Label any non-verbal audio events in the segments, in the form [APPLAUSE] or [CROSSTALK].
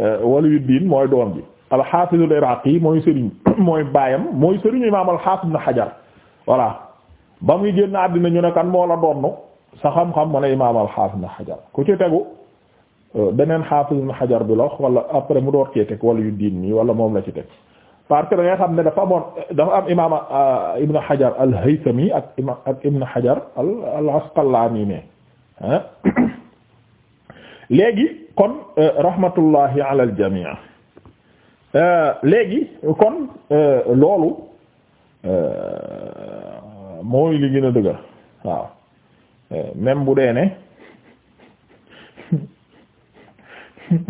Euh, Waliyuddin mooy doom bi al-Haafizul Iraaqi mooy sëriñ [COUGHS] mooy baayam mooy sëriñu imaam al-Haafiz Ibn Hajar voilà ba muy génn àddina ñu ne kan moo la donnu sa xam-xam mu ne imaam al-Haafiz Ibn Hajar ku ci tegu euh, beneen Haafiz Ibn xajar bi la wala après mu door cee teg Waliyuddin nii wala moom la ci teg parce que da xam ne dafa amoon dafa am imaam euh, Ibn Hajar al-Haythami ak ima ak Ibn Hajar al-Asqalaani ne ah [COUGHS] léegi. kon euh, rahmatullahi ala al jamii euh, léegi kon euh, loolu mooy li gën a dëgër waaw même bu dee ne [LAUGHS]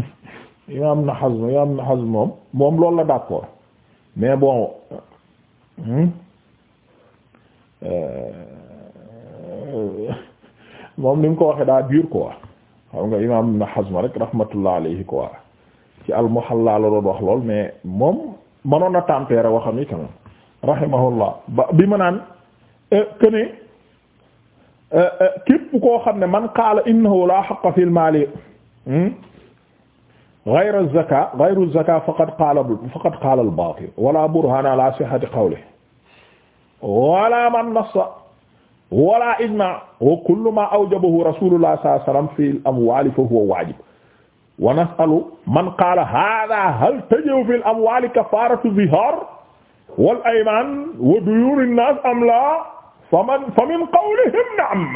imaam na Hazm imaam na Hazm moom moom loolu la d'accord mais bon hmm? [LAUGHS] moom ni mu ko waxee daa dur quoi. xam nga imam Ibn Hazm rek rahmatullah alayhi quoi ci al-Muhalla la doon wax lool mais moom mënoon na tempérer waxam yi tamit rahimahullah ba bi ma naan euh, que ne euh, euh, képp koo xam ne man qaala innahu la haqqa fil maali hmm, ghayra az-zakaat ghayru az-zakaat faqad qaala faqad qaala al-baatil wala burhaana ala sihhati qawlihi wala man nassa wala ijma wa kullu ma awjabahu rasulullah sallallahu alayhi wasallam fi al amwali fa huwa wajib wa nasalu man qaala hadha hal tajibu fi al amwali kafaratu zihar wal ayman wa duyur an nas am la faman fa min qawlihim na'am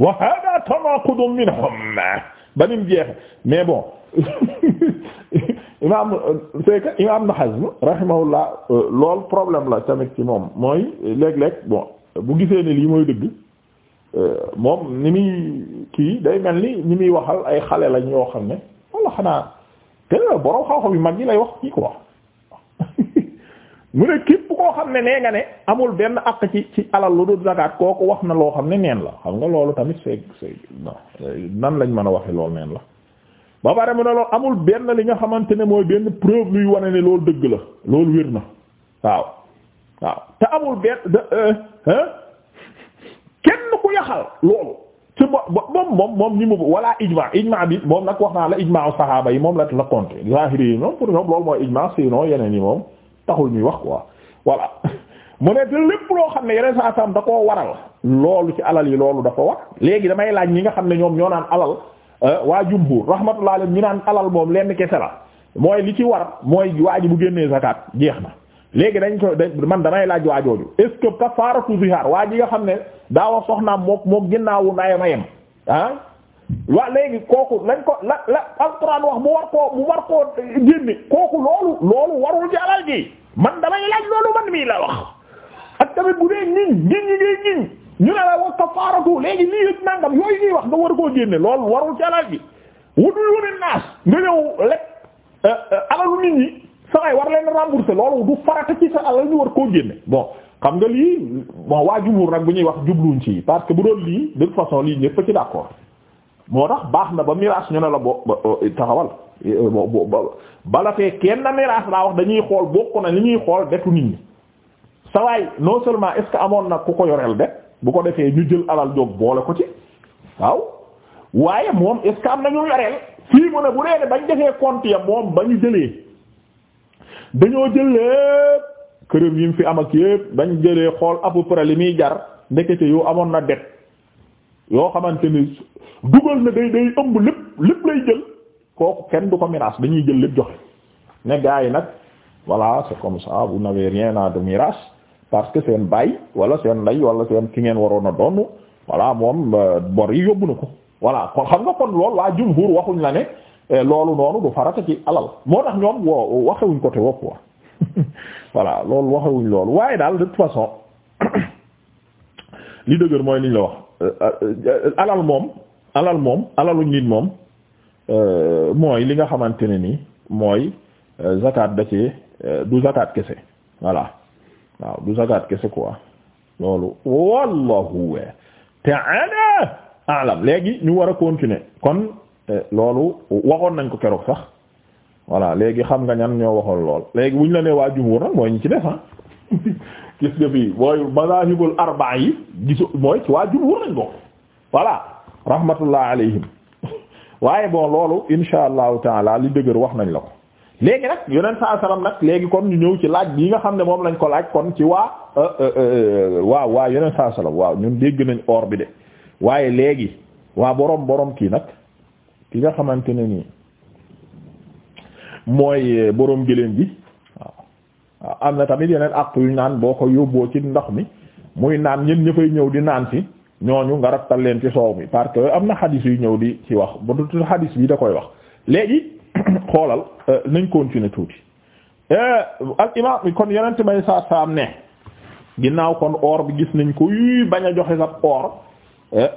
wa hadha tanaqudun minhum banim jeexe mais bon [LAUGHS] imam c'est que imam Ibn Hazm rahimahullah euh, lool problème la tamit ci moom mooy léeg-léeg bon bu gisee ne lii mooy dëgg euh, moom ni muy kii day mel ni ni muy waxal ay xale lañ yoo xam ne walla xanaa te borom xaw-xaw yu mag yi lay wax kii quoi [LAUGHS] mu ne képp koo xam ne nee amul benn àq ci ci alal kooku wax na loo xam ne neen la xam nga loolu tamit c'est c'est nan lañ mën a waxe loolu neen la ba pare mu ne lool amul benn li nga xamante ne mooy benn preuve luy wane ne loolu dëgg la loolu wér na waaw waaw te amul benn euh, kenn ku yaxal loolu ci moom moom moom ñi mu wala ijma ijma bi moom nag wax naa la ijma saxaaba yi moom la la compter zahiri yi ñoom pour ñoom yeneen yi moom taxul ñuy wax quoi voilà [LAUGHS] mu ne te lépp loo xam ne yeneen saa saam da koo waral loolu ci alal yi loolu dafa war léegi damay laaj ñi nga xam ne ñoom ñoo naan alal euh, waa jumhur rahmatullah alayhi ñi naan alal moom lenn kese la mooy li ci war mooy waa ji bu génnee zakat jeex na. léegi dañ ko man damay laaj waajooju est-ce que kafaaratu waa ji nga xam ne daa wax soxnaam moo moo ginnaawu ndayam a ah waa léegi kooku lañ ko la la alxuraan wax mu war koo mu kooku loolu loolu warul ci alal gi man damay laaj bu dee ñiñ wa koo génne loolu warul ci alal naas nga ñëw lekk euh, euh, alalu nit ñi saway war leen rembourser loolu du farata ci sa alal ñu war koo génne bon xam nga lii bon waa jumhur nag bu ñuy wax jubluñ ci parce que bu doon lii de toute façon lii ñëpp ci d'accord moo tax baax na ba miraas ñu ne la bo taxawal bala fee kenn na miraas laa wax dañuy xool bokk na li ñuy xool detu nit ñi sawaay non seulement est-ce que amoon nag ku ko yoreel det bu ko defee ñu jël alal jóg boole ko ci waaw waaye moom est am na ñu yoreel fii mu ne bu dee ne bañ defee compte ya moom ba ñu jëlee dañoo jël lépp këram yi mu fi am ak yépp dañ jëlee xool à peu près li muy jar ndekete yoo amoon na det yoo xamante ni dugal na day day ëmb lépp lépp lay jël kooku kenn du ko miraas dañuy jël lépp joxe ne gars yi nag voilà c'est comme ça vous n'avez rien à de miraas parce que seen baay wala seen ndey wala seen ki ngeen waroon a doon voilà moom euh, bor yi yóbbu na ko voilà xam nga kon lool waa jumhur waxuñ la ne Eh, loolu noonu du farata ci alal moo tax ñoom woo waxewuñ côté wopp wa [LAUGHS] voilà loolu waxewuñ loolu waaye daal de toute façon [CLEARS THROAT] li dëgër mooy liñ la wax eh, eh, alal moom alal moom alaluñ nit moom mooy li nga xamante ne ni mooy zakat da ci du zakat kese voilà waaw du zakat kese quoi loolu wallahu ta'ala a'lam léegi ñu war a continuer kon loolu waxoon nañ ko keroog sax voilà léegi xam nga ñan ñoo waxoon lool léegi buñ la nee waa jumhur nag mooy ñu ci def ah [LAUGHS] gis nga fii mooy mazahibul arba'a yi gisu mooy ci waa jumhur nañ ko voilà rahmatullah alayhim [LAUGHS] waaye bon loolu insha allahu taala li dëgër wax nañ la ko léegi nag yonent saa salaam nag léegi kon ñu ñëw ci laaj bi nga xam ne moom lañ ko laaj kon ci waa euh, euh, euh, waa waa yonent saa salaam waaw ñun dégg nañ or bi de waaye léegi waa borom borom kii nag ki nga xamante ne nii mooy boroom gëléem gi waaw am na tamit yeneen at yu naan boo ko yóbboo ci ndox mi muy naan ñen ña fay ñëw di naan ci ñooñu nga rattal leen ci soow mi parce que am na xadis yu ñëw di ci wax ba du xadis bi da koy wax léegi [COUGHS] xoolal euh, nañ continuer tuuti euh, al imam kon yonent may sa saam ne ginnaaw kon or bi gis nañ ko yuy bañ a joxe sa or euh,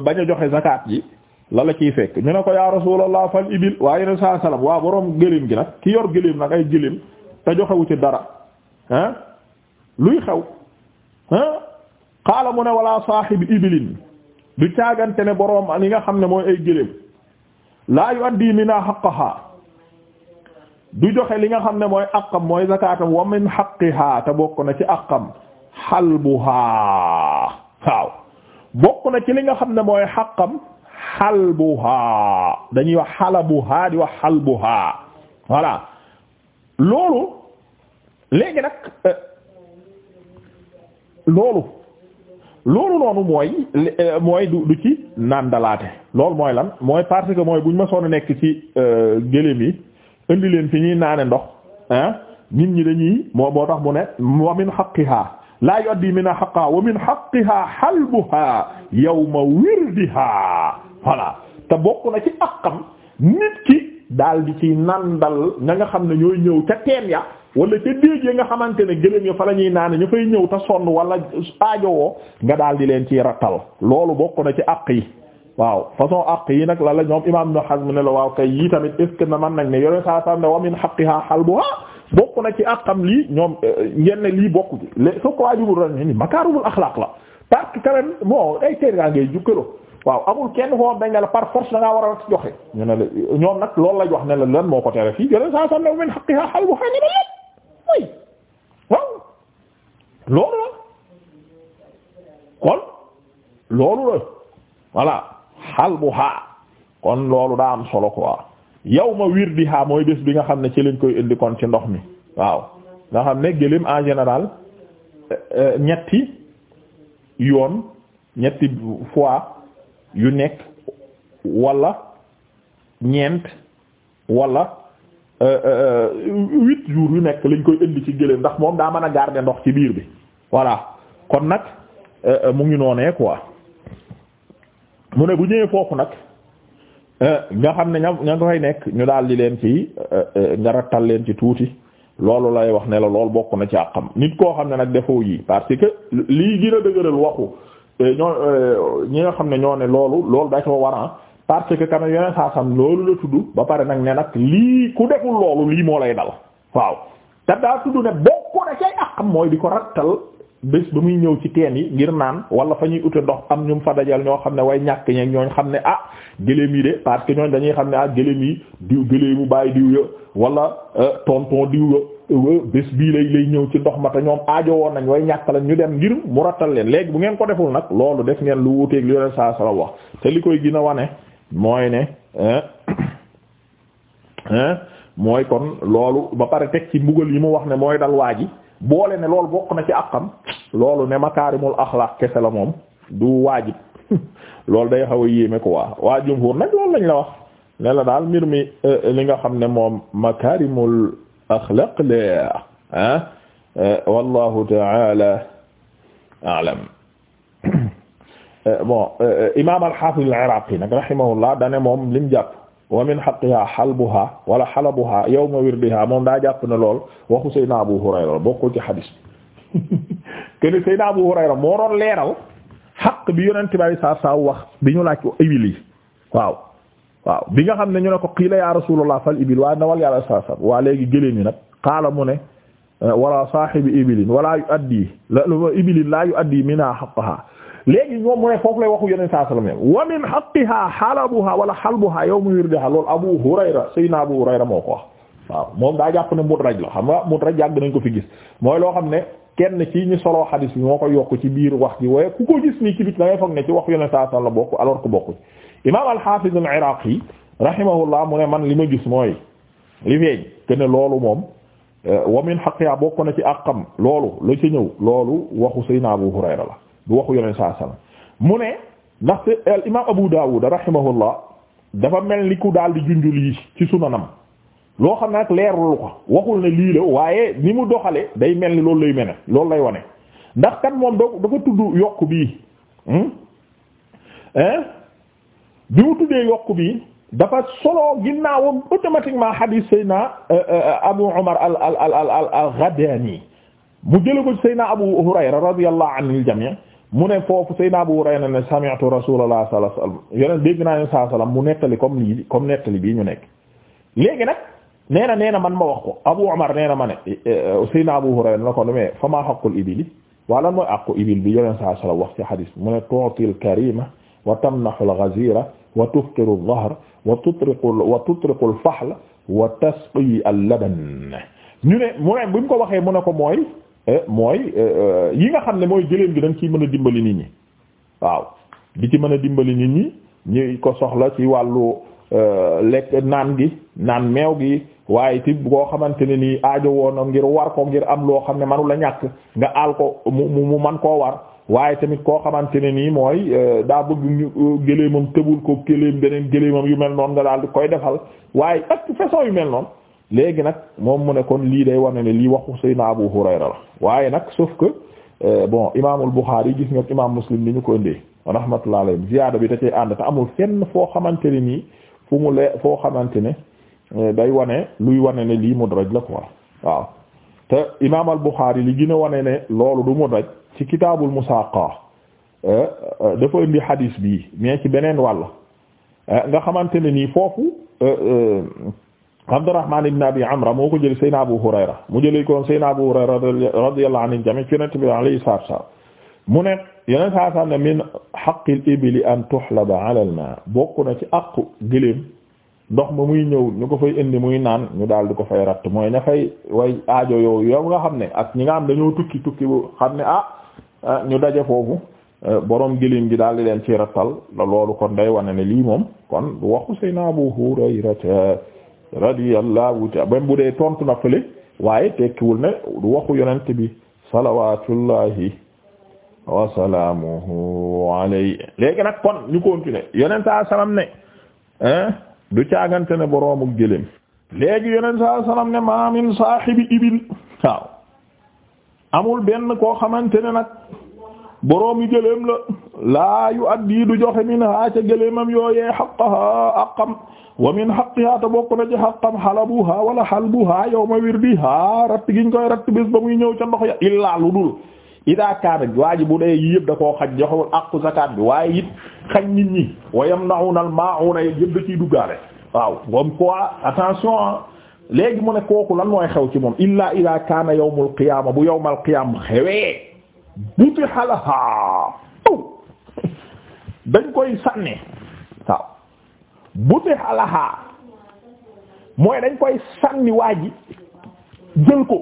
[COUGHS] bañ a joxe zakat ji la la ciy fekk ñu ne ko yaa rasulallah fal ibil waaye ne saa salaam waa borom gëléem gi nag ki yor gëléem nag ay gëléem te joxewu ci dara luy xew ah xaala mu ne wala saaxibi ibilin du caagante ne borom li nga xam ne mooy ay gëléem laa yu addi mina haqqaha du joxe li nga xam ne mooy aqam mooy zakaatam wa min haqqiha te bokk na ci aqam xalbuha waaw bokk na ci li nga xam ne mooy xaqam. xalbuha dañuy wax xalabuha di wax xal xalbuha voilà loolu léegi nag euh, loolu loolu noonu mooy euh, mooy du du ci nàndalaate loolu mooy lan mooy parce que mooy bu ñu ma soon nekk ci euh, gëléem yi indi leen fi ñuy naane ndox ah nit ñi dañuy moo boo tax mu ne wa min haqqiha laa yoddi min a haqqa wa min haqqiha halbuha yawma wirdiha voilà te bokk na ci akam nit ki daal di ci nandal ña nga xam ne ñooy ñëw ca teen ya wala ca déeg ya nga xamante ne gëléem ya fa la ñuy naan ñu fay ñëw te sonn wala aajowoo nga daal di leen ciy rattal loolu bokk na ci àq yi waaw façon àq yi nag la la ñoom imam Ibn Hazm waaw kay yi tamit est ce que na mën nañ ne yore saa sam ne wa min haqqiha bokk na ci àqam lii ñoom euh, ngeen ne lii bokk ci lé soo ko waajibul ra ni makaarumul axlaaq la parce que quand même bon ay ngaa ngay jukkalo waaw amul kenn foo dañ ne par force da war a joxe ñu ne ñoom nag loolu la wax ne la lan moo ko tere fii jëlee saa soxna loolu la kon loolu la voilà xal bu xaa kon loolu daa am solo quoi yow ma wirdiha mooy bés bi nga xam ne ci lañ koy indi kon ci ndox mi waaw nga xam ne gëléem en général euh, euh, ñetti yoon ñetti foi yu nekk walla ñeent wala euh, euh, huit jours yu nekk liñ koy indi ci gëléem ndax moom daa mën a garder ndox ci biir bi voilà kon nag euh, mu ngi noonee quoi mu ne bu ñëwee foofu nag nga xam ne ña ña nga nekk ñu daal di leen ci nga rattal leen ci tuuti loolu lay wax ne la loolu bokk na ci àqam nit koo xam ne nag defoo yi parce que lii gën a dëgëral waxu Euh, ñoo euh, ñi nga xam ne ñoo ne loolu loolu da coo waran parce que quand même yeneen saa sam loolu la tudd ba pare nag ne nag lii ku deful loolu lii moo lay dal waaw te daa tudd ne bokku na cay ak mooy di ko rattal bés ba muy ñëw ci teen yi ngir naan wala fa ñuy ute ndox am ñu fa dajal ñoo xam ne way ñàkk ñeeg ñooñ xam ne ah gëléem yi de parce que ñooñ dañuy xam ne ah gëléem yi diw gëléemu bàyyi diw ya wala euh, tonton diw ya bés bii lay lay ñëw ci ndox ma te ñoom aajo woon nañ way ñàkk lañ ñu dem ngir mu rattal leen léegi bu ngeen ko deful nag loolu def ngeen lu wuteeg li yoneen saa sala wax te li koy gina a mooy ne [COUGHS] mooy kon loolu ba pare teg ci mbugal yi mu wax ne mooy dal waa ji boole ne loolu bokk na ci àqam loolu ne makaarimul axlaaq kese la moom du waajib [LAUGHS] loolu day xaw a yéeme ko waa waa jumhur nag loolu lañ la wax ne la daal mbir mi euh, li nga xam ne moom makaarimul axlaq la ah wallahu taala alam bon imam al-Hafiz al-Iraqi nag rahimahullah dane moom lim jàpp wa min haqqiha halbuha wala halabuha yawma wirdiha moom daa jàpp ne lool waxu Seydina Abu Hurayra bokkul ci hadis [LAUGHS] kene Seydina Abu Hurayra moo leeral xaq bi yonent bi saa saa wax bi ñu laaj ko awil waaw bi nga xam ne ñu ne ko qiila ya rasulullah fal ibil waaye ndawal yàlla saa waa léegi gëléem nag qaala mu ne wala saahibi ibilin wala yu addi la ibilin laa yu addi minha léegi ñoom mu ne foofu lay yeneen saa sallam wa min haqqiha halabuha wala halbuha yawma yurdiha loolu Abu Hurayra sayyidina Abu Hurayra moo ko wax waaw moom daa jàpp ne mudraj la xam nga mudraj yàgg nañ ko fi gis loo xam ne kenn ci ñu solo xadiis bi ko yokk ci biir wax ji waaye ku ko wax yeneen saa sallam bokk alors que imaam al-Hafiz al-Iraqi rahimahullah mu ne man li ma gis mooy li feeñ te ne loolu moom euh, wa min haqqiha bokk na ci àqam loolu la ci ñëw loolu waxu Seydina Abu Hurayra la du waxu Yonent saa sallam mu ne ndax al imaam Abu Dawud rahimahullah dafa mel ni ku daal di junjul lii ci sunanam loo xam ne leer leerul ko waxul ne lii la waaye ni mu doxale day mel ni loolu lay mene loolu lay wane ndax kan moom da dafa tudd yokk bii hmm? bi mu tuddee yokk bi dafa solo ginnaawam automatiquement hadith Seyna euh, euh, Abu Umar al al al al al Ghadani mu jëlee ko Seyna Abu Hurayra radiyallahu mu ne foofu Seyna Abu Hurayra ne sami'tu Rasulullah sallallahu alayhi wasallam yeneen dégg naa ne saa salaam mu nettali comme comme nettali bii ñu nekk. léegi nag nee na nee na man ma wax ko Abu Umar nee na ma ne eh, eh, Seyna Abu Hurayra na ko mais fa maa haqqul ibili waaw lan mooy àqu bi yo saa salaam wax ci hadith mu ne tu'til karima wa tamnahul ghazira wa tuftiru ad-dahr wa tutriqu wa tutriqu al-fahl wa tasqi al-laban ñu ne mu ne bu ñu ko waxee mu ne ko mooy eh, mooy eh, eh, yi nga xam ne mooy gëléem gi dañ ciy mën a dimbali nit ñi waaw di ci mën a dimbali nit ñi ñi ko soxla ci wàllu lekk naan gi naan meew gi waaye ti boo xamante ne nii aajo woon ngir war ko ngir am loo xam ne manu la ñàkk nga aal ko mu mu man koo war waaye tamit koo xamante ne nii mooy euh, daa bëgg ñu euh, gëléemam tëbul ko gëléem beneen gëléemam yu mel noonu nga daal di koy defal waaye ak façon yu mel noonu léegi nag moom mu ne kon lii day wane ne lii waxu Seydina Abu Hurayra la waaye nag sauf que euh, bon imaamul Buxaari gis nga imaam Muslim ni ñu ko indee rahmatullahi alayhi ziyaada bi da cee ànd te amul fenn foo xamante ne nii fu mu lee foo xamante ne day wane luy wane ne lii mudraj la quoi waaw te imaam al Buxaari li gën wane ne loolu du mudraj ci kitaabul musaaqa eh, eh, dafa indi hadis bi mais ci beneen wàll eh, nga xamante ne nii foofu Abdurrahman ibn Abi Amra moo ko jël Seyna Abu Hurayra mu jëlee ko Seyna Abu Hurayra radiyallahu anhu jami ci Yonent bi alayhi salaatu wa mu ne Yonent saa saam ne min haqqil an tuhlaba ala al-maa bokk na ci àqu gëléem ndox ma muy ñëw ñu ko fay indi muy naan ñu daal di ko fay ratt mooy ña fay way aajo yow yow nga xam ne ak ñi nga am dañoo tukki tukki bu xam ne ah Ah, ñu daje foofu eh, borom gilim gi daal di leen ci rattal la loolu kon day wane ne lii moom kon waxu sayna Abu Hurayra radiyallahu ta'ala bam bu dee tontu na fële waaye tekkiwul du waxu yonent bi salawatullahi wa salaamuhu alayhi léegi nag kon ñu continuer yonent saa salaam ne eh, du caagante ne boroomu gilim léegi yonent saa salaam ne ma saahibi ibil amul benn koo xamante ne nag boroomi gëléem la laa yu addi du joxe min ha ca gëléemam yooyee haqqaha aqam wa min haqqiha ta bokk na ci haqqam halabuha wala halbuha yawma wirdiha ratt giñ koy ratt bis ba muy ñëw ca ndox ya illaa lu dul idaa kaana waa ji bu dee yëpp da koo xaj joxewul aqu zakat bi waaye it xaj nit ñi wa yamna'una al ma'una yëpp da ciy duggaale waaw comme quoi attention léegi mu ne kooku lan mooy xew ci moom illa ila kaana yawmul qiyaama bu yawmal qiyaama xewee buti xalaha dañ koy sànni waaw buti xalaha mooy dañ koy sànni waa ji ko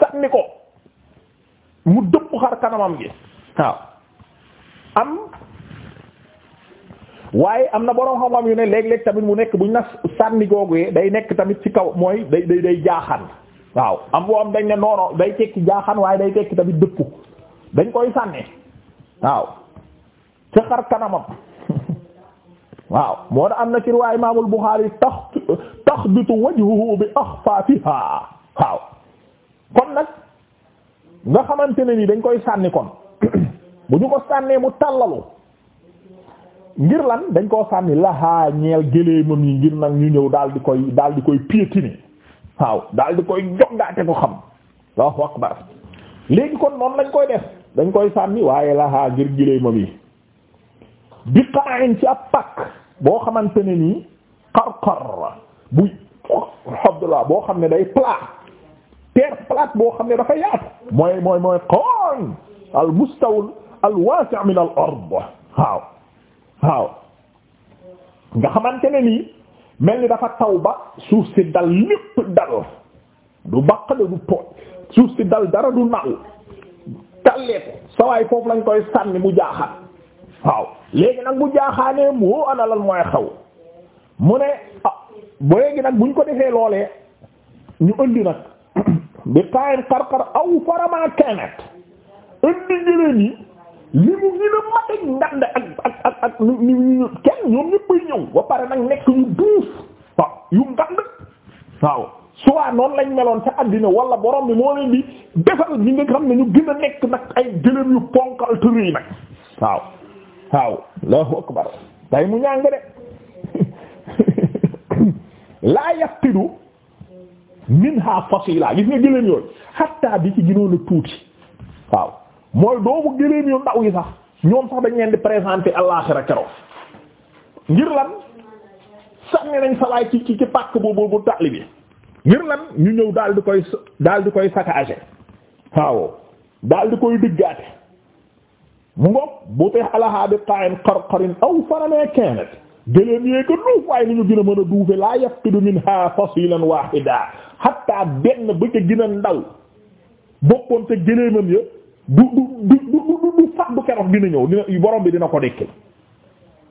sànni ko mu dëpp xar kanamam gi waaw am waaye am na borom xam-xam yu ne léeg-léeg tamit mu nekk bu ñu na sànni googu day nekk tamit ci kaw mooy day day day jaaxaan waaw am boo am dañ ne noono day tekki jaaxaan waaye day tekki tamit dëpp dañ koy sànni waaw ca xar kanamam [LAUGHS] waaw moo na am na ci riwaaya Imaamul Buxaari tax taxbitu wajhuhu bi axfaafiha waaw kon nag nga xamante ne ni dañ koy sànni kon [CLEARS THROAT] bu ñu ko sànnee mu tàllalu ngir lan dañ koo sànni lahaa ñeel géléemam yi ngir nag ñu ñëw daal di koy daal di koy piétiner waaw daal koy jongaate ko xam Allahu akbar léegi kon noonu lañ koy def dañ koy sànni waaye lahaa ngir géléemam yi bi qa'in ci ab pak boo xamante ne nii xar-xar bu Abdullah boo xam ne day plat terre plate boo xam ne dafa yaatu mooy mooy mooy qa'in al mustawil al wasi' min al ard waaw waaw nga xamante ne nii mel ni dafa taw ba suuf si dal lépp dal du baq de du tooj suuf si dal dara du naaw talleeku sawaay foofu lañ koy sànni mu jaaxaan waaw léegi nag bu jaaxaanee moo ana mooy xaw mu ne ah bu léegi nag buñ ko defee loolee ñu indi nag [COUGHS] bi taayam xar-xar aw faramaa keenet indi jëleen yi li mu gën a mateeg ndànd ak ak ak ak ni ñu kenn ñoom ñëppay ñëw ba pare nag nekk yu duuf yu ndànd waaw soit noonu lañ meloon ca àddina wala borom bi moo leen di defal ñi nga xam ne ñu gën nekk nag ay gëlëm yu ponkal tëri nag waaw waaw Allahu akbar tay mu ñàng de [LAUGHS] laa yaftidu minha fasila gis nga gëlëm yooyu hatta bi ci gënoon a tuuti waaw mooy doomu gëléem yu ndaw yi sax ñoom sax dañ leen di présenté àllaxira keroog ngir lan sax ne nañ salaay ci ci ci pàkk bu bu bu bi ngir lan ñu ñëw daal di koy daal di koy saccager waaw daal di koy diggaate mu ngoog bu teex alahaa bi qa'in qarqarin aw farame kanat gëléem yee ko duuf waaye ni ñu gën a mën a duufe laa yafqidu minha fasilan wahida hatta benn ba ca gën a ndaw bokkoon te gëléemam ya du du du du du faddu keroog dina ñëw dina borom bi dina ko dekkil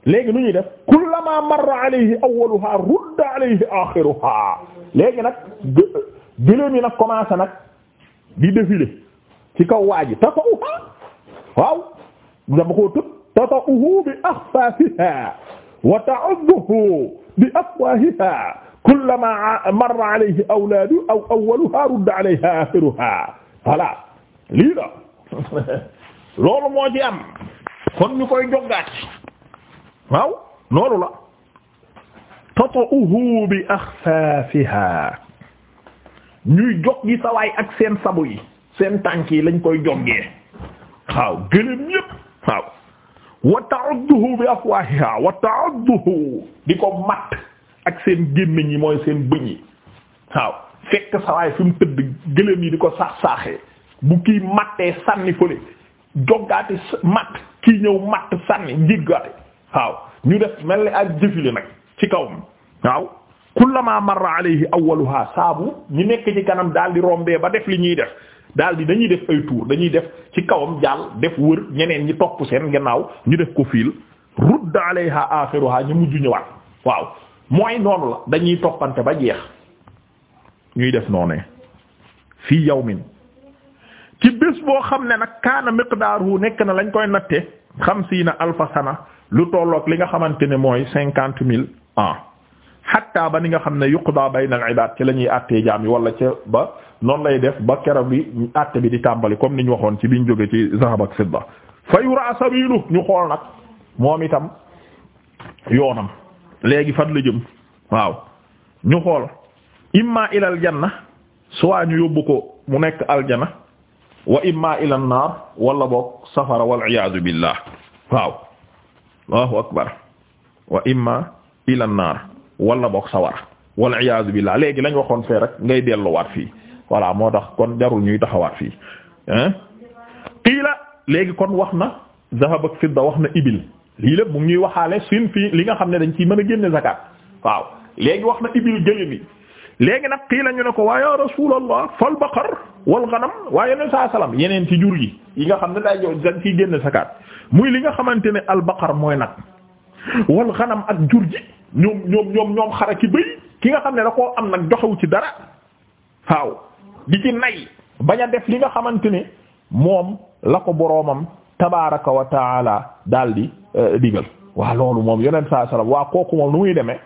léegi nu ñuy def kullama marra alayhi awwaluha rudda alayhi akhiruha léegi nag gëléem yi nag commencé nag di défilé ci kaw waaji tata'uha waaw dama koo tëb tata'uhu bi akhfafiha wa ta'udduhu bi afwahiha kullama marra alayhi awladu aw awwaluha rudda alayha akhiruha voilà lii la [LAUGHS] loolu moo ci am kon ñu koy joggaat waaw loolu la tata'uhu bi axfaafiha ñuy jog gi sawaay ak seen sabu yi seen tànk yi lañ koy joggee waaw gëléem yépp waaw wa ta'udduhu bi afwaahiha wa ta'udduhu di ko matt ak seen gémmiñ yi mooy seen bëñ yi waaw fekk sawaay fi tëdd gëléem yi di ko saax-saaxee bu kii mattee sànni fële joggaati matt kii ñëw matt sànni njiggaate waaw ñu def mel ni ak jëfili nag ci kawam waaw kullama marra alayhi awwaluha saabu ñi nekk ci kanam daal di rombee ba def li ñuy def daal di dañuy def ay tour dañuy def ci kawam jàll def wër ñeneen ñi topp seen gannaaw ñu def ko fiil rudd alayha akhiruha ñu mujj ñëwaat waaw mooy noonu la dañuy toppante ba jeex ñuy def noonee fii yawmin ci bés boo xam ne nag kaana miqdaaru nekk na lañ koy natte xamsiina alfa sana lu tollook li nga xamante ne mooy cinquante mille ans hatta ba ni nga xam ne yuqda bayna al ibaad ci lañuy ñuy àttee jaam yi wala ca ba noonu lay def ba keroog bi àtte bi di tàmbali comme ni waxoon ci biñ jóge ci zahab ak fa yura sabilu ñu xool nag moom itam yoonam léegi fat la jëm waaw ñu xool imma ilal janna soit ñu yóbbu ko mu nekk aljana wa imma ila naar wala book safara wal iyaadu billah waaw allahu akbar wa imma ila naar wala book sawara wal iyaadu billah léegi lañ waxoon fee rek ngay delluwaat fii voilà moo tax kon jarul ñuy taxawaat fii hein qiila léegi kon wax na zahab ak fidda wax na ibil lii lépp mu ngi ñuy waxaale sin fii li nga xam ne dañ ci mën a génne zakat waaw léegi wax na ibil gëléem léegi nag qiila ñu ne ko waaye ya rasulallah fal baqar wal ghanam waaye yeneen saa salaam yeneen ci jur yi yi nga xam ne daay yow dañ ciy génn zakaat muy li nga xamante ne al baqar mooy nag wal ghanam ak jur ji ñoom ñoom ñoom ñoom xara ki bëy ki nga xam ne da koo am nag joxewu ci dara waaw di ci nay bañ a def li nga xamante ne moom la ko boroomam tabaaraka wa taala daal di euh, digal waa loolu moom yeneen saa salaam waa kooku moom nu muy demee.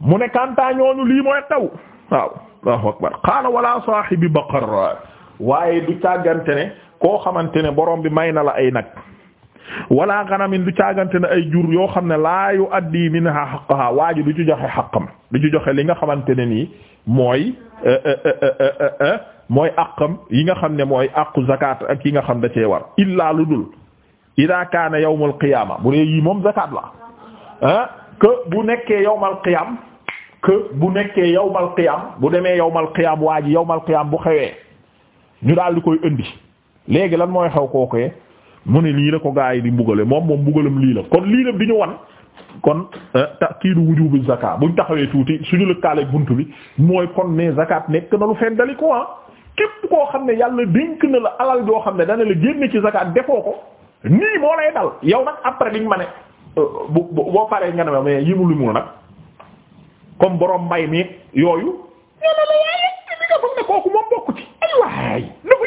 mu ne kantaa ñooñu lii mooy taw waaw Allahu akbar qaala wala saahibi baqar waaye du càggante ne koo xamante ne borom bi may na la ay nag wala ganamin du càggante ne ay jur yoo xam ne laa yu addi minha haqqaha waa ji du ci joxe xaqam du ci joxe li nga xamante ne nii mooy eh, eh, eh, mooy àqam yi nga xam ne mooy àqu zakat ak yi nga xam da cee war illaa lu dul ida kaana yawmul qiyaama bu yii moom zakat la ah que bu nekkee yawmal qiyaam que bu nekkee yawmal qiyam bu demee yawmal qiyam waa ji yawmal qiyam bu xewee ñu daal di koy indi léegi lan mooy xew kookee mu ne lii la ko gaa yi di mbugale moom moom mbugalam lii la kon lii la di ñu wan kon euh, takiidu wujubu zakat buñ taxawee tuuti suñu lëkkaale bunt bi mooy kon ne zakat nekk na lu fen daliko ah. képp koo xam ne yàlla dénk na la alal joo xam ne dana la génne ci zakat defoo ko nii moo lay dal yow nag après liñ ma ne euh, bu boo paree nga ne ma mais yimu limu nag comme borom mbay mi yooyu yàlla la waaye li nga foog ne kooku moom bokk ay waay na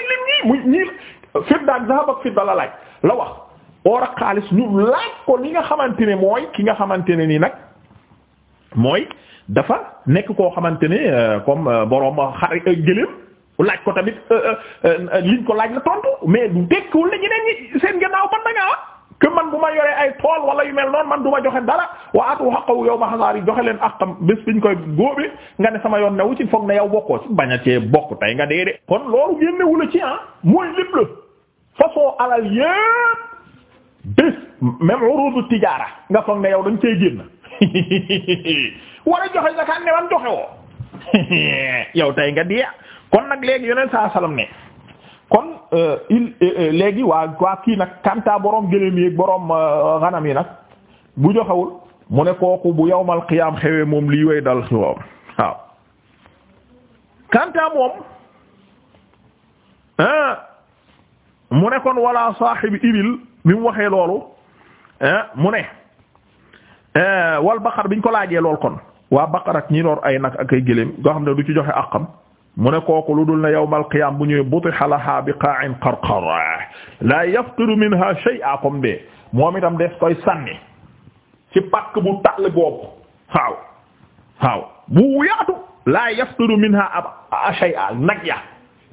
ko li nga xamante ne mooy ki nga xamante ne nii nag mooy dafa nekk koo xamante ne euh, comme euh, borom xar euh, gëléem laaj ko tamit liñ ko laaj la tontu mais du tekkiwul la ñeneen seen gannaaw ban da ngaa que man bu ma yoree ay tool wala yu mel noonu man du ma joxe dara wa atu haqqahu yawma hasadi joxe leen akam bés biñ koy góobe nga ne sama yoon newu ci foog na yow bokkoo ci bañ a cee bokk tay nga dee de. kon loolu génnewula ci ah mooy lépp la façon alal yépp bés même urudu dañ cee génn [LAUGHS] war a [LAUGHS] yow tey nga dee kon nag léegi yeneen saa salaam ne. kon euh, il euh, euh, léegi waa waa kii nag kanta boroom gëléem yi boroom xanam yi nag bu joxewul mu ne kooku bu yawmal qiyaam xewee moom lii way daal waaw waaw kanta moom mu ne kon wala saaxibi ibil bi mu waxee loolu mu ne wal baqar biñ ko laajee lool kon waa baqar ak ñi ay nag ak ay gëléem goo xam ne du ci joxe àqam mu ne kooku lu dul ne yawmal qiyaam bu ñuy butiha laha bi qaa'in qarqar la yafqidu minha shay'a comme de moom itam def koy sànni ci pakk bu tàll boobu waaw waaw bu yaatu la yafqidu minha ab shay'a nag ya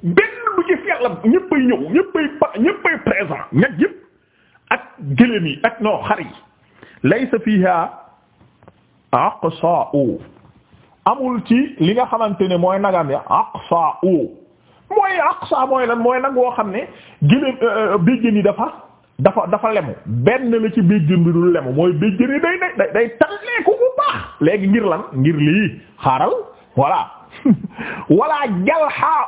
benn du ci feet la ñëppay ñëw ñëppay ñëppay présent ñag yëpp ak gëléem yi ak noo xar yi laysa fiha aqsa'u amul ci li nga xamante ne mooy nagam ya aqsa o mooy aqsa mooy lan mooy nag woo xam ne gëléem euh, euh, béjjën yi dafa dafa dafa lemu benn la ci béjjën bi dul lemu mooy béjjën yi day day day talleeku bu baax léegi ngir lan ngir li xaaral voilà [LAUGHS] wala jalxaa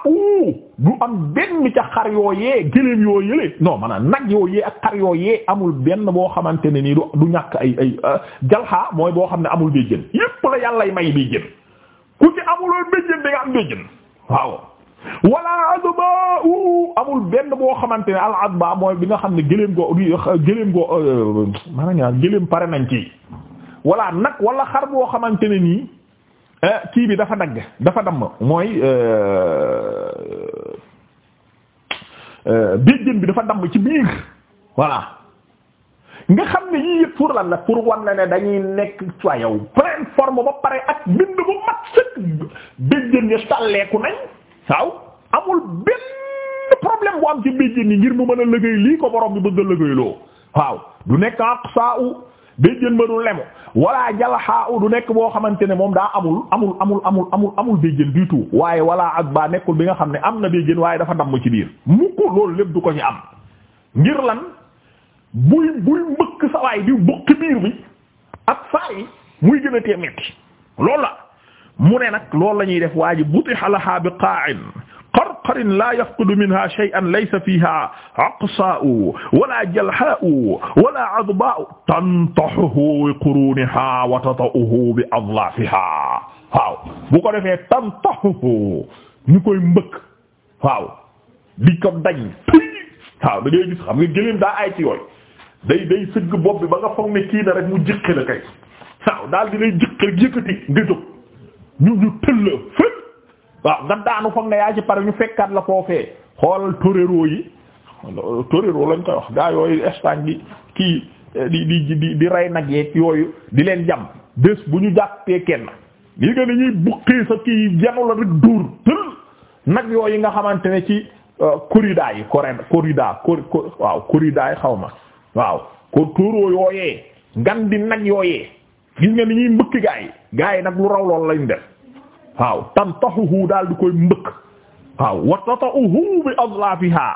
du am benn ca xar yoo yee gëléem yoo yële non maanaam nag yoo yee ak xar yoo yee amul benn boo xamante ne nii du ñàkk ay ay euh, jalxaa mooy boo xam ne amul béjjën yépp la yàlla may béjjën ku ci amuloon béjjén da nga am béjjén waaw wala adba u amul benn boo xamante ne al adba mooy bi nga xam ne gëléem go gëléem go euh, maanaam ñaar gëléem pare nañ ci wala nag wala xar boo xamante ne nii eh, kii bi dafa dagg dafa damm mooy béjjén euh, euh, bi dafa damm ci biir voilà xam ne yii pour lan la pour wan la ne dañuy nekk fa yow pleine forme ba pare ak bind bu mat sëkk béjjën ya sàlleeku nañ waaw amul benn problème bu am ci béjjën yi ngir mu mën a liggéey lii ko borom bi bëgg a liggéeyloo waaw du nekk aqsa u béjjën ma du lemu wala jalxaa u du nekk boo xamante ne moom daa amul amul amul amul amul amul béjjën du tout waaye wala ak ba nekkul bi nga xam ne am na béjjën waaye dafa damm ci biir mu ko lépp du ko ci am ngir lan buy buy mbëkk sawaay di bukki biir bi ak saa yi muy gën a tee mu ne nag loolu la def waa ji butiha laha bi qa'in qarqarin la yafqidu minha shay'an laysa fiha aqsa'u wala jalha'u wala 'adba'u tantahuhu bi quruniha wa tata'uhu bi adlafiha waaw bu ko defee tantahuhu ñu koy mbëkk waaw di ko dañ waaw da ngay gis xam nga gëléem daa ay ci yooyu day day sëgg bopp bi ba nga foog ne kii na rek mu jëqi la kay waaw daal di lay jëqi rek yëkkati nga jóg ñu ñu tëlla fët waaw nga daanu foog ne yaa ci pare ñu fekkaat la foofee xoolal torero yi torero lañ koy wax gaa yooyu Espagne bi kii eh, di di di rey nag yeeg yooyu di leen jam bés bu ñu jàppee kenn lii nga dañuy buqi sa kii yanu la rek dóor tël nag yooyu nga xamante ne ci euh, corrida yi corrida corrida waaw corrida xaw ma waaw ko tóoroo yooyee ngan di nag yooyee gis nga ni ñuy mbëkk gaa yi gaa yi nag lu raw lool lañ def waaw tam taxuhu daal di koy mbëkk waaw wa tata'uhu bi adlafiha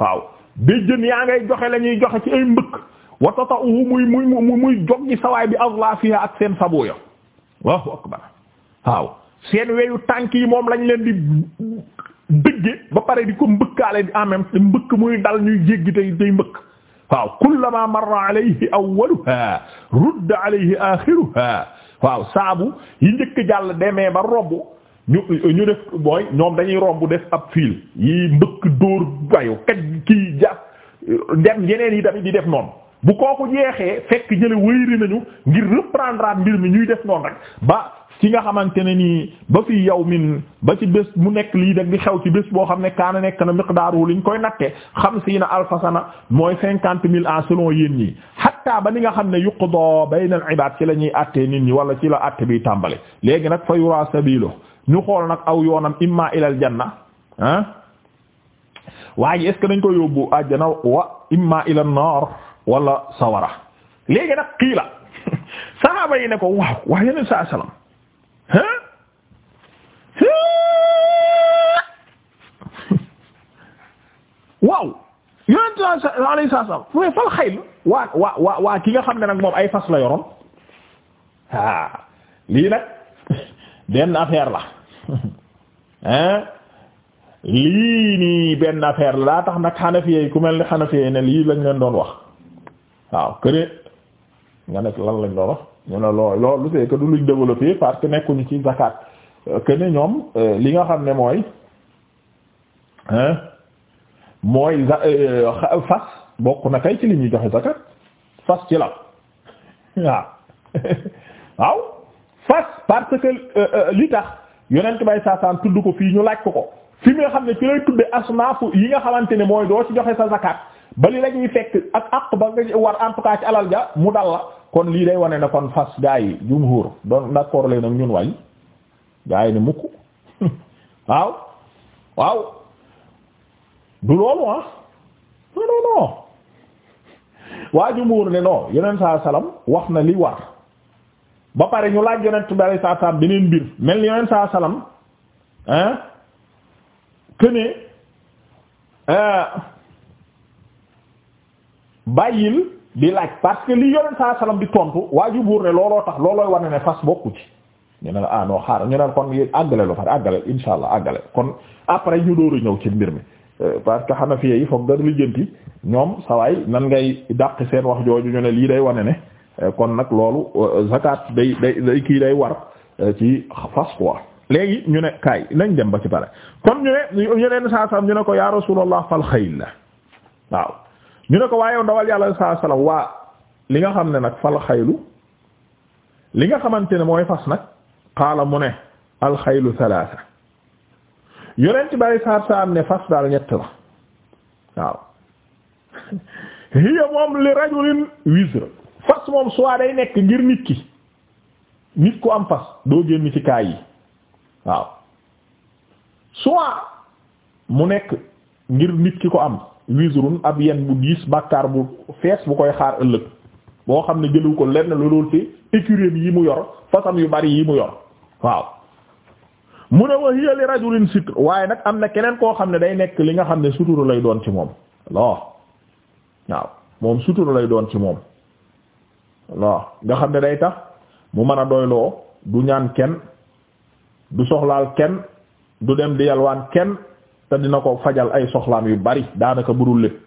waaw béjjën yaa ngay joxe lañuy ñuy joxe ci ay mbëkk wa tata'uhu muy muy muy muy joggi sawaay bi adlafiha ak seen sabo ya Allahu waaw seen weyu tànk yi moom lañ leen di dëgge ba pare di ko mbëkkaale en même mbëkk muy dal ñuy jéggi tey tey mbëkk waaw kullama marra alayhi awwaluha rudda alayhi axiruha waaw saabu yi njëkk jàll demee ba robb ñu ñu def mooy ñoom dañuy romb def ab fiil yi mbëkk dóor wayu kat kii jàpp dem yeneen yi tamit di def noonu bu kooku jeexee fekk ñële wéyri nañu ngir reprendre mbir mi ñuy def noonu rek ba ci nga xamante ne nii ba fi yawmin ba ci bés mu nekk lii dag bi xew ci bés boo xam ne kaana nekk na miqdaaru liñ koy natte xamsiina alfa sana mooy cinquante mille ans selon yéen ñi hatta ba ni nga xam ne yuqda bayna na ibaad ci la ñuy attee nit ñi wala ci la atte bi tàmbali léegi nag fa yura sabilo ñu xool nag aw yoonam imma ilal janna ah waaye est-ce que dañ ko yóbbu wa imma ilal naar wala sawara léegi nag qiila [LAUGHS] sahaaba yi ne ko waaw waaw yeneen sa sallam [LAUGHS] waaw yonent alayhi salaam mais fal xayl waa waa waa waa ki nga xam ne nag moom ay fas la yoroon ah lii nag [LAUGHS] benn affaire la hein [LAUGHS] lii nii benn affaire la daa tax nag xanafiyee ku mel ni xanafiyee ne lii lañ leen doon wax waaw këre nga nekk lan lañ doon wax ñu ne loo loolu c'est que du luñ développé parce que nekkuñu ci zakat euh, que ñoom euh, li nga xam ne mooy hein mooy euh, fas bokk na kay ci li ñuy joxe zakat fas ci la waaw [LAUGHS] waaw fas parce que li tax yonent bay saasaan tudd ko fii ñu laaj ko ko fi nga xam ne fi lay tudde asnaafu yi nga xamante ne mooy doo ci joxe sa zakat bali la ñuy fekk ak àq ba nga war en ci alal ja mu dal la kon lii day wane na kon fas gaa yi jumhur doon d'accord leen ak ñun waay gaa yi ne mukk [LAUGHS] waaw waaw du loolu ah non non non waa jumhur ne non yeneen saa salaam wax na li war ba pare ñu laaj yonent bari saa salaam beneen mbir mel ni yonent saa salaam hein que euh, bàyyil. di laaj parce que li yonent saa salaam di tontu waa ju buur ne looloo tax loolooy wane ne fas bokku ci ñu ne la ah non xaaral ñu ne kon yéen àggale la far àggale insha allah àggale kon après ñu dóoru ñëw ci mbir mi euh, parce que Hanafi yi foog nga lijjanti ñoom sawaay nan ngay dàq seen wax jooju ñu ne lii day wane ne euh, kon nag loolu euh, zakat day day day kii day war ci fas quoi léegi ñu ne kaay nañ dem ba ci pare kon ñu ne ñu ne saa salaam ñu ne ko ya Rasulullah fal ñu ne ko waaye ndawal yàlla saa salaam waa li nga xam ne nag fal xaylu li nga xamante ne mooy fas nag xaala mu ne alxaylu thalatha yonent bari saat sa am ne fas daal ñett la waaw [LAUGHS] hiya moom li rajulin wisr fas moom soit day nekk ngir nit ki nit ko am fas doo génn ci kaay yi waaw soit mu nekk ngir nit ki ko am wizrun ab yen bu diis bàkkaar bu fees bu koy xaar ëllëg boo xam ne jëlu ko lenn lu dul ci écurie yi mu yor fasam yu bari yi mu yor waaw mu ne wa hiya li rajulin sitr waaye nag am na keneen koo xam ne day nekk li nga xam ne sutura lay doon ci moom loo waaw moom sutura lay doon ci moom loo nga xam ne day tax mu mën a doyloo du ñaan kenn du soxlaal kenn du dem di yalwaan kenn te dina ko fajal ay soxlaam yu bari daanaka bu budul lépp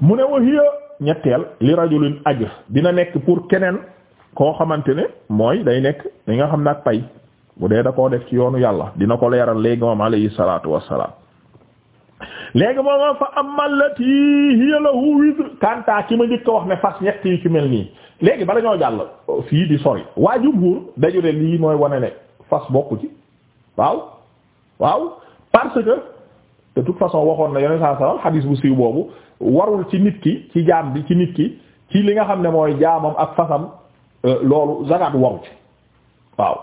mu ne wa hiya ñetteel li rajulin ajr dina nekk pour keneen koo xamante ne mooy day nekk li nga xam ne ak pay bu dee da koo def ci yoonu yàlla dina ko leeral léegi moom alayhi salaatu wassalaam léegi moom fa amallati la lahu wizr kanta ki ma njëkk a wax ne fas ñett yi ci mel nii léegi bala ñoo jàll fii di sori waa jumhur dañu ne lii mooy wane ne fas bokku ci waaw waaw de toute façon waxoon na yoneen saa sallam xadiis bu boobu warul ci nit ki ci jaam bi ci nit ki ci li nga xam ne mooy jaamam ak fasam euh, loolu zakat waru ci waaw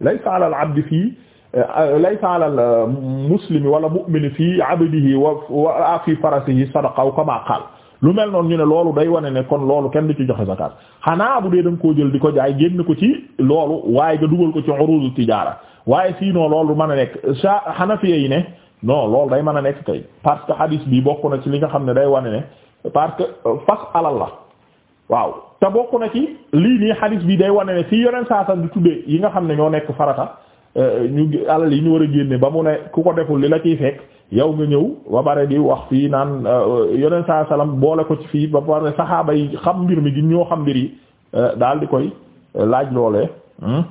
laysa fii euh, laysa ala al muslimi wala mu'mini fii abdihi wa fi farasihi sadaqa aw kama qaal lu mel noonu ñu ne loolu day wane ne kon loolu kenn du ci joxe zakat xanaa bu dee da koo jël di ko jaay génn ko ci loolu waaye nga dugal ko ci urudu waaye sinon loolu man a nekk sa xanafiya yi ne non lool day mën a nekk kay parce que hadis bi bokk na ci li nga xam ne day wane ne parce que euh, fas alal la waaw te bokk na ci lii nii hadis bi day wane ne fii yoneen saasan di tuddee yi nga xam ne ñoo nekk farata euh, ñu alal yi ñu war a génne ba mu ne ku ko deful li la ciy fekk yow nga ñëw ba pare di wax fii naan euh, yoneen saa salaam boole ko ci fii ba pare saxaaba yi xam mbir mi gi ñoo xam mbir yi daal di koy laaj loole hmm?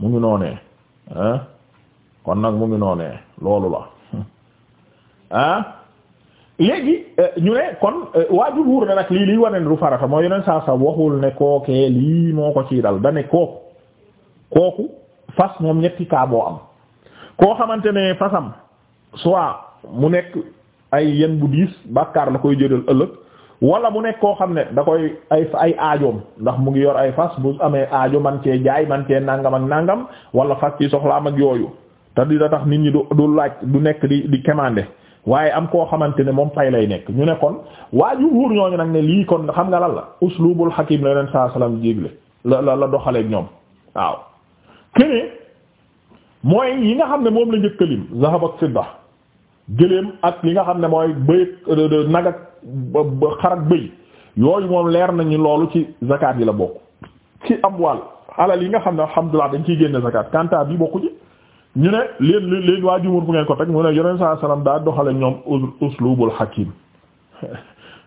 mu ngi noonee kon nag mu ngi noonee loolu la ah léegi eh, ñu ne kon eh, waajur wuur na nag lii lii wane ne du farata moo yeneen saa sa waxul ne kookee lii moo ko ciy dal da ne kook kooku fas moom ñetti kaa am koo xamante ne fasam soit mu nekk ay yen bu diis bàkkaar la koy jëlal ëllëg wala mu nekk koo xam ne da koy ay ay aajoom ndax mu ngi yor ay fas bu amee aajo man cee jaay man cee nangam ak nangam wala fas ci soxlaam ak yooyu te dina tax nit ñi du du laaj du nekk di di kemande waaye am koo xamante ne moom pay lay nekk ñu ne kon waa jumhuur ñooñu nag ne lii kon xam nga lan la uslubul hakim la leen saa salaam jégle la la la doxalee ñoom mooy yi nga xam ne moom la njëkk a lim ak fidda nga xam ne mooy bëy euh, euh, nag ak xar ak bëy yooyu moom leer nañu loolu ci zakat yi la bokk ci amwal alal yi nga xam ne alhamdulilah dañ ciy génne zakat kanta bi bokku ci. ñu ne leen leen waa jumur fu ngeen ko teg mu ne yoneen saa salaam daa doxale ñoom uslubul hakim [LAUGHS]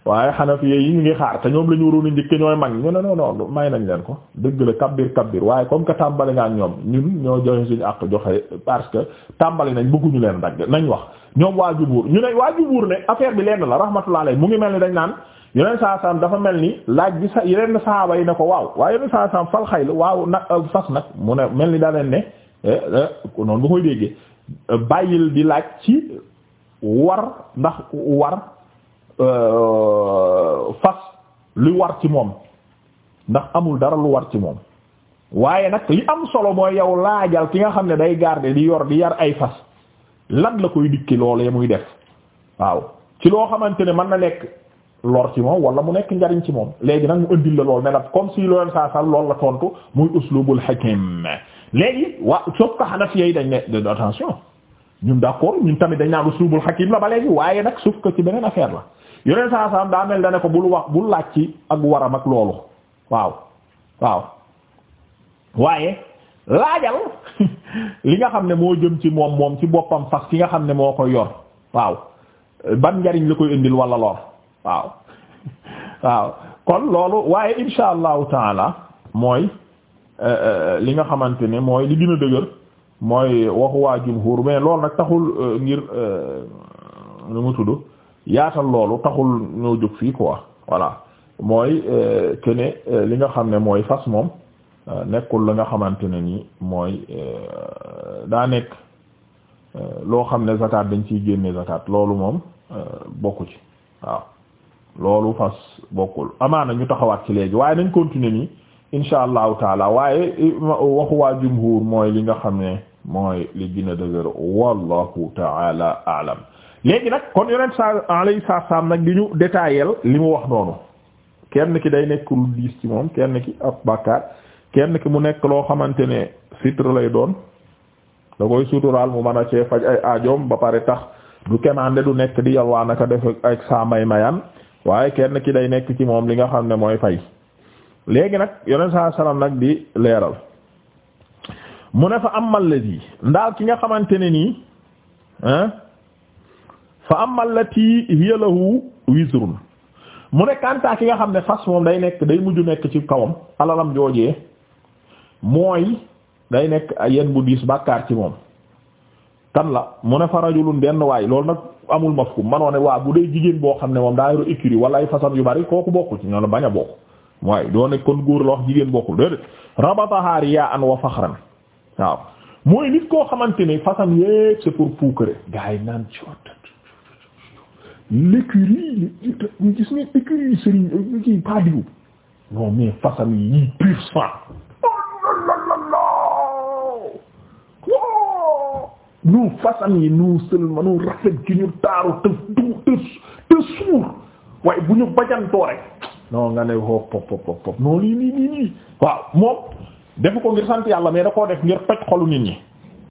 waaye Hanafi yi ñu ngi xaar te ñoom la ñu waroon a njëkk ñooy mag ñu ne non non leen ko dëgg la kabbir kabbir waaye comme que tàmbali ak ñoo joxe suñu àq joxe parce que tàmbali nañ bëgguñu leen dagg nañ wax ñoom waa jumur ñu ne waa jumur ne affaire bi lenn la rahmatullahi mu ngi mel ni dañ naan yoneen saa salaam dafa mel ni laaj bi sa yeneen saaba yi ne ko waaw waaye yoneen saa salaam fal xayl waaw nag fas nag mu ne mel ni daa leen ne Eh, eh, noonu nga koy déggee eh, bàyyil di laaj ci war ndax war fas li war ci moom ndax amul dara lu war ci moom waaye nag li am solo mooy yow laajal ki nga xam ne day garder di yor di yar ay fas lan la koy dikki loolee muy def waaw ci loo xamante ne mën na nekk lor ci moom wala mu nekk njariñ ci moom léegi nag mu ëndil la lool ne la comme si loolu saa saa loolu la tontu muy uslubul hakim léegi waa sauf que Hanafiya yi dañ ne attention ñun d'accord ñun tamit dañ naan uslubul hakim la ba léegi waaye nag sauf que ci beneen affaire la yeneen saa saam daa mel da ko bul wax bul laaj ci ak waram ak loolu waaw waaw waaye laajal [LAUGHS] li nga xam ne moo jëm ci moom moom ci boppam fas ki nga xam ne moo koy yor waaw ban njariñ la koy indil wala lor waaw [LAUGHS] kon loolu waaye insha allahu taala mooy Euh, euh, euh, li nga xamante ne mooy li gën dëgër mooy waxu waa jumhur mais loolu nag taxul ngir nu mu tudd yaatal loolu taxul ñoo jóg fii quoi voilà mooy que ne li nga xam ne mooy fas moom nekkul la nga xamante ne nii mooy daa nekk loo xam ne zakat dañ ciy génne zakat loolu moom bokku ci waaw loolu fas bokkul amaana ñu taxawaat ci léegi waaye nañ continuer nii. insha allah taala waaye waxu waa jumhur mooy li nga xam ne mooy li gëna dëgër wallahu taala alam léegi nag kon yonent sa alayhi salaam nag di ñu détaillé li mu wax noonu kenn ki day nekk lu diis ci moom kenn ki ab bàkkaar kenn ki mu nekk loo xamante ne fitre lay doon da koy suturaal mu mën a cee faj ay aajoom ba pare tax du kemaande du nekk di yalwaa naka def ak saa may mayaan waaye kenn ki day nekk ci moom li nga xam ne mooy fay léegi nag yoneen sa salaam nag di leeral mu ne fa am la di ndaal ki nga xamante ne nii fa am la tii hiya lahu wizrun mu ne kanta ki nga xam ne fas moom day nekk day mujju nekk ci kawam alalam joojee mooy day nekk yenn bu diis bàkkaar ci moom kan la mu ne fa rajulun benn waay loolu nag amul mafhum manoo ne waa bu dee jigéen boo xam ne moom daa yoru écurie wala ay fasam yu bari kooku bokku ci ñoo la bañ a bokk waaye doo ne kon góor la wax jigéen bokkul déedéet rabataha riya'an wa fakhran waaw mooy nit koo xamante ne façon yépp c'est pour puukare gars yi naan coot l'écurie gis ngeen écurie sëriñ euh, kii pas diwu non mais façon yi pur sang nu façon yi nu sëlma nu rafet ci ñu taaru te te te suur waaye bu ñu bajantoo rek non nga ne hop oh, pop pop pop non lii lii lii lii waaw moom def ko ngir sant yàlla mais da koo def ngir toj xolu nit ñi